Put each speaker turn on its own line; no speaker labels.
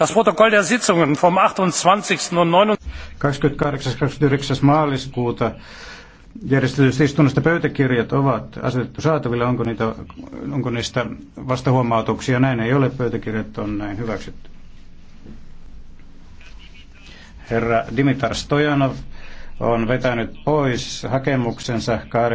das protokoll der sitzungen vom 28. und
29. maaliskuuta järjestetyistä istunnosta pöytäkirjat ovat asetettu saataville. Onko, niitä, onko niistä vastahuomautuksia? Näin ei ole. Pöytäkirjat on näin hyväksytty. Herra Dimitar Stojanov on vetänyt pois hakemuksensa